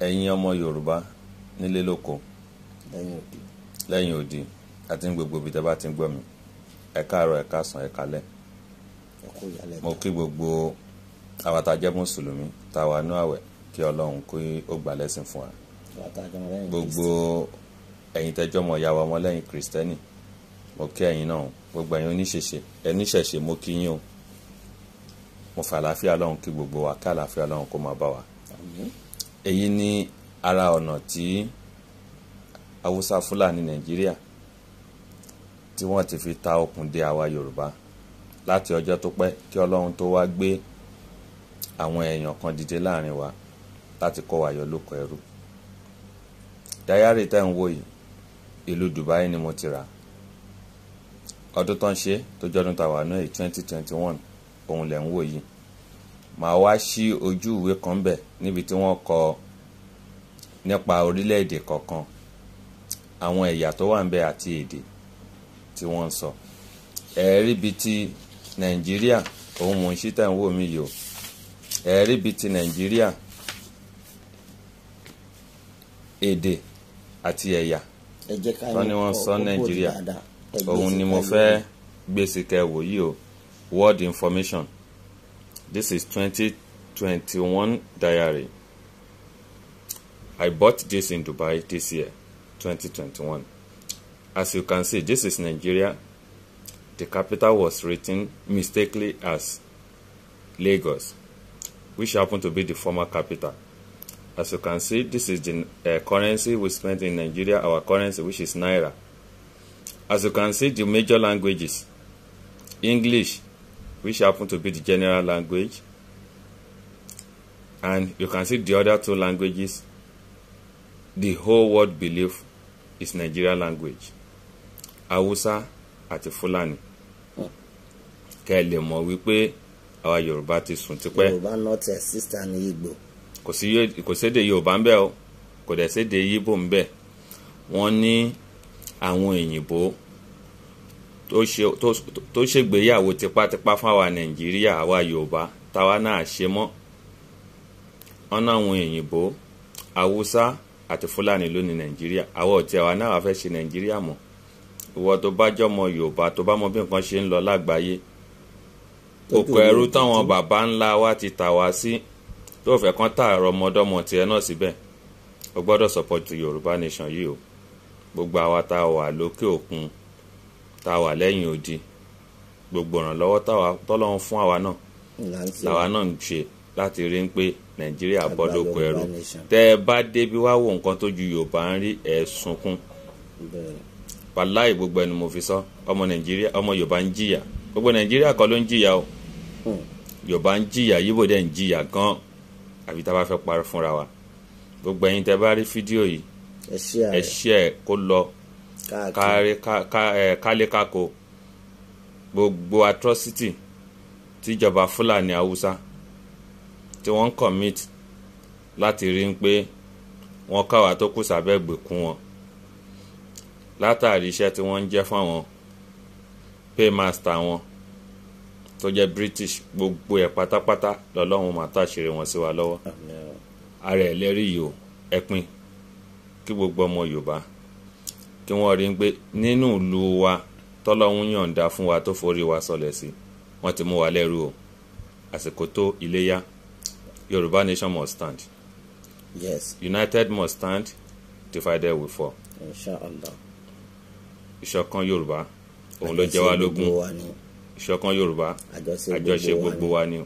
ẹ̀yin ọmọ yorùbá nílé lóko lẹ́yìn odi àti ní gbogbo ibi tẹ́ bá ti ń gbọ́ mi ẹ káàárọ̀ ẹ káàsán ẹ kálẹ́ mo kí gbogbo àwa tá a jẹ́ mùsùlùmí tá a wà nú àwẹ̀ kí ọlọ́run kí ó gbà lẹ́sìn fún wa gbogbo ẹ̀yin tẹ́jọ́ mọ̀ yàwó ọmọlẹ́yìn kìrìsìtẹ́nì mo kí ẹ̀yin náà gbogbo ẹ̀yin oníṣẹ̀ṣe ẹníṣẹ̀ṣe mo kí yín o mo fà àlàáfíà ọlọ́run kí gbogbo wa ká àlàáfíà ọlọ́run kó máa bá wa èyí ni ara ọ̀nà tí haúsá fúlàní nàìjíríà tí wọ́n ti fi ta okùn dè àwa yorùbá láti ọjọ́ tó pẹ́ kí ọlọ́run tó wá gbé àwọn èèyàn kan dìde láàrin wa láti kó wa yọ lóko ẹrú dayari tẹ́ ń wò yìí ìlú dubai ni mo ti rà ọdún tó ń ṣe tó jọdún tàwa náà yìí twenty twenty one òun lẹ̀ ń wò yìí màá wá sí ojú ìwé kan bẹ̀ níbi tí wọ́n kọ nípa orílẹ̀-èdè kọ̀ọ̀kan àwọn ẹ̀yà tó wà ń bẹ àti èdè tí wọ́n ń sọ ẹ̀ẹ́rí bíi ti nàìjíríà òun mò ń ṣí tẹ̀ ń wò mí yìí o ẹ̀ẹ́rí bíi ti nàìjíríà èdè àti ẹ̀yà tó ní wọ́n sọ nàìjíríà òun ni mo fẹ́ gbèsè kẹwò yìí o world information this is twenty twenty one diary. I bought this in Dubai this year, 2021. As you can see, this is Nigeria. The capital was written mistakenly as Lagos, which happened to be the former capital. As you can see, this is the uh, currency we spent in Nigeria, our currency, which is Naira. As you can see, the major languages, English, which happened to be the general language, and you can see the other two languages, the whole world believe is Nigeria language Hausa àti Fulani kẹ́ ẹ lè mọ̀ wípé àwa Yorùbá ti sùn tipẹ́. Yorùbá not exist ní Igbo. kò sí kò sédè Yorùbá ń bẹ o kò dẹ̀ sédè Igbo ń bẹ wọ́n ní àwọn òyìnbó tó ṣègbéyàwó tipátipá fáwa Nàìjíríà àwa Yorùbá táwa náà ṣe mọ́ ọ̀nà àwọn òyìnbó Hausa. àti fúlàní ló ní nàìjíríà àwọn ọ̀tí àwa náà fẹ́ ṣe nàìjíríà mọ́ ìwọ tó bá jọmọ yorùbá tó bá mọ bí nǹkan ṣe ń lọ lágbàáyé òkò ẹrú táwọn bàbá ńlá wa ti tà wá sí tó fẹ́ kán tààrọ̀ ọmọdọ́mọ tiẹ̀ náà síbẹ̀ o gbọ́dọ̀ support yorùbá nation yìí o gbogbo àwa tá a wà lókè òkun tá a wà lẹ́yìn odi gbogbo ìrànlọ́wọ́ tọ́lọ́run fún àwa náà làwa náà ń ṣe láti rí i pé nàìjíríà bọ́dọ̀kọ ẹrú tẹ́ ẹ bá débi wá wo nǹkan tó ju yorùbá ń rí ẹ̀ sunkún wàláì gbogbo ẹni mo fi sọ ọmọ nàìjíríà ọmọ yorùbá ń jìyà gbogbo nàìjíríà kọ́ ló ń jìyà o hmm. yorùbá ń jìyà yíbò dẹ̀ ń jìyà gan àbí tá a bá fẹ́ parí fúnra wa gbogbo ẹ̀yin tẹ́ bá rí fídíò yìí ẹ ṣí ẹ kó lọ kálékáko gbogbo atrocity tíjọba fúlàní haúsá tí wọ́n ń commit láti rí pé wọ́n káwa tó kù sábẹ́ gbèkún wọn látàrí iṣẹ́ tí wọ́n ń jẹ́ fáwọn paymaster wọn tó jẹ́ British gbogbo ẹ̀ pátápátá lọ́lọ́run máa tàṣírí wọn sí wa lọ́wọ́ ara ẹ̀ lẹ́rìí yìí o ẹ̀pin kí gbogbo ọmọ Yorùbá kí wọ́n rí pé nínú ìlú wa tọ́lọ́run yọ̀ǹda fún wa tó forí wa sọlẹ̀ sí wọ́n ti mú wa lẹ́rú o àsìkò tó iléyá Yoruba nation must stand. Yes. United must stand, divided we fall. Inshallah. Ìṣọ̀kan Yorùbá, òun ló jẹ́ wá lógún. Ìṣọ̀kan Yorùbá, àjọṣe gbogbo wa ni.